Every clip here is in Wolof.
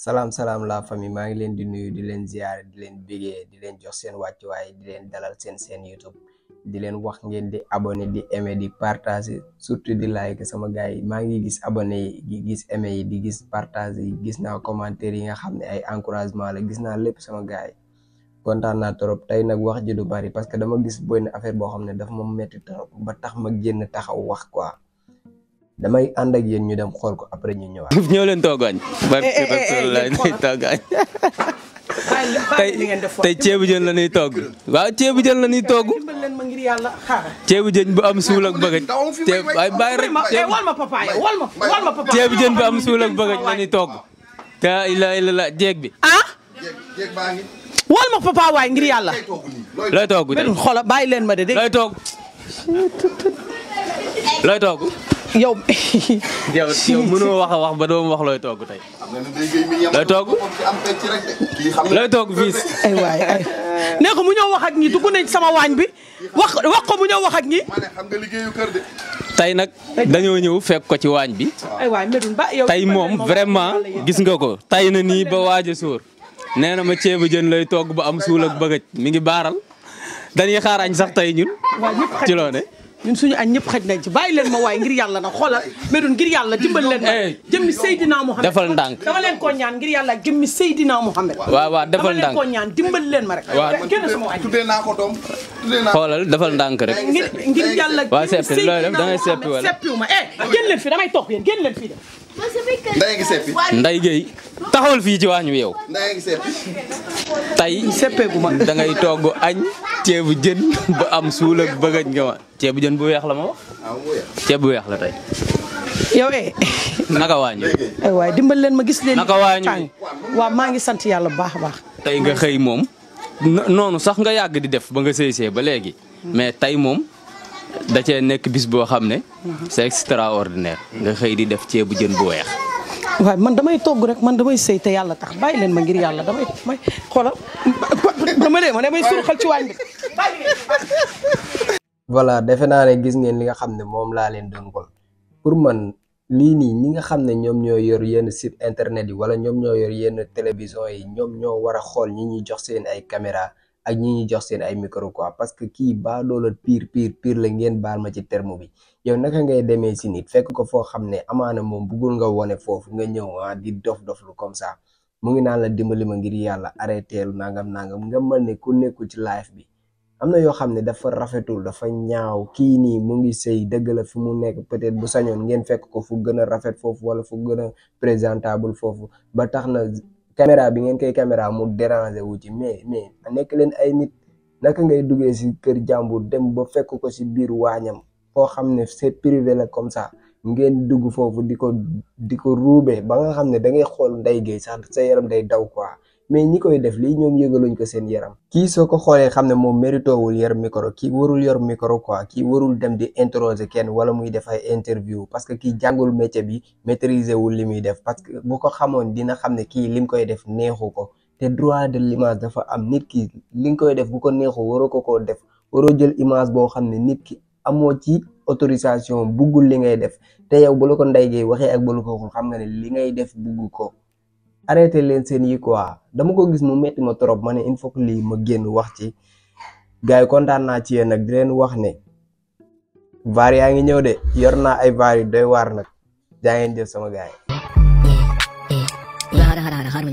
salaam salaam la famille maa ngi leen di nuyu di leen ziare di leen bégee di leen jox seen wàccuwaay di leen dalal seen seen YouTube di leen wax ngeen di abone di aimé di partage surtout di like sama gars yi maa ngi gis abone yi di gis aimé yi di gis partagé yi gis naa commentaire yi nga xam ne ay encouragement la gis naa lépp sama gars yi kontaan naa trop tey nag wax ji du bari parce que dama gis benn affaire boo xam ne dafa ma metti trop ba tax ma génn taxaw wax quoi. damay ànd ak yéen ñu dem xool ko après ñu ñëwaat. ñëw leen toogaañ. Eh, eh, eh, tey tey ceebu jën la ñuy togg. waaw ceebu jën la ñuy togg. ceebu jën bu am suul ak bëgëj. ceeb waay bàyyi rek ceebu jën bu am suul ak bëgëj la ñuy togg. daa ilaa ilaa la jéeg bi. ah. wal ma papa waay ngir yàlla. looy togg de. xoolal bàyyi leen ma de dégg looy togg. yow. yow yow mënoo wax a ba doom wax looy togg tey. looy togg. looy togg fii. ay waay ay nee mu ñëw wax ak sama waañ bi wax wax ko mu ñëw wax ak ñi. tey nag dañoo ñëw fekk ko ci waañ bi. tey moom vraiment gis nga ko tey na nii ba waaja a sóor. nee na ma ceebu jën lay toog ba am suul ak mi ngi baaral dañuy xaarañ sax tey ñun. ci loone ñun suñu a ñëpp xaj nañ ci bàyyi leen ma waaye ngir yàlla nag xoolal Medoune ngir yàlla dimbal leen ma jëmmi Seydina Mohamed defal ndànk dama leen ko ñaan ngir yàlla jëmmi Seydina Mohamed waaw waaw defal ndànk dama leen ko ñaan dimbal leen ma rek waaw génn sama añ tuddee xoolal defal ndànk rek ngir yàlla waaw seppi loolu da ngay seppi wala seppiwu ma eh génn leen fi damay toog Ndeye ngi seppi Ndeye Gueye taxawal fii ci wañu wi yow Sepi. ngi seppi tey seppeeguma da ngay togg agn tiebu jën bu am suul ak bëgëj nga ma tiebu jën bu wex la ma wax tiebu ah, wex la tay yow eh naka wañu ay way dimbal len ma gis len naka wañu wa ma ngi sante yalla bax bax tay nga xey mom nonu sax nga yag di def ba nga sëy sëy ba legi mais tay mom da ce nekk bis boo xam ne. see c'est extraordinaire. nga xëy di def ceebu jën bu weex. waaw man damay togg rek man damay sëy yàlla tax bàyyi leen ma ngir yàlla damay xoolal dama dee ma damay surxal ci defe naa ne gis ngeen li nga xam ne moom laa leen doon pour man lii nii ñi nga xam ne ñoom ñoo yor yenn site internet yi wala ñoom ñoo yor yenn télévision yi ñoom ñoo war a xool ñi ñuy jox seen ay caméra ak ñi ñu jox seen ay micro quoi parce que kii baadoola pire pire pire la ngeen baal ma ci terme bi yow naka ngay demee si nit fekk ko foo xam ne amaana moom bëggul nga wone foofu nga ñëw ah di dof dof lu comme ça mu ngi naa la dimbali ma ngir yàlla arrêté lu nangam nangam nga mën ne ku nekkul ci live bi. am na yoo xam ne dafa rafetul dafa ñaaw kii nii mu ngi sëy dëgg la fi mu nekk peut-être bu sañoon ngeen fekk ko fu gën a rafet foofu wala fu gën a présentable foofu caméra bi ngeen koy caméra mu déranger wu ci mais mais nekk leen ay nit naka ngay duggee si kër jàmbur dem ba fekk ko si biir waañam foo xam ne c'est privé la comme ça ngeen dugg foofu di ko di ko ruube ba nga xam ne da ngay xool nday géey sax sa yaram day daw koi mais ñi koy def lii ñoom yëgaluñ ko seen yaram kii soo ko xoolee xam ne moom wul yor micro kii warul yor micro quoi kii warul dem di interroger kenn wala muy def ay interview parce que kii jàngul métier bi maîtriser wul li muy def parce que bu ko xamoon dina xam ne kii lim koy def neexu ko te droit de l'image dafa am nit ki li nga koy def bu ko neexu waroo ko koo def waro jël image boo xam ne nit ki amoo ci autorisation buggul li ngay def te yow bu la ko ndey waxee ak bu la xam nga ne li ngay def bugg ko arrêté leen seen yii quoi dama ko gis mu metti ma trop ma ne il faut lii ma génn wax ci gars yi kontaan naa ci yéen nag di leen wax ne vaar yaa ngi ñëw de yor naa ay vaar yu doy waar nag jaa ngeen jëf sama gaay yi. xaaral xaaral xaaral xaaral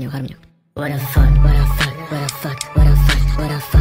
ma ñëw xaaral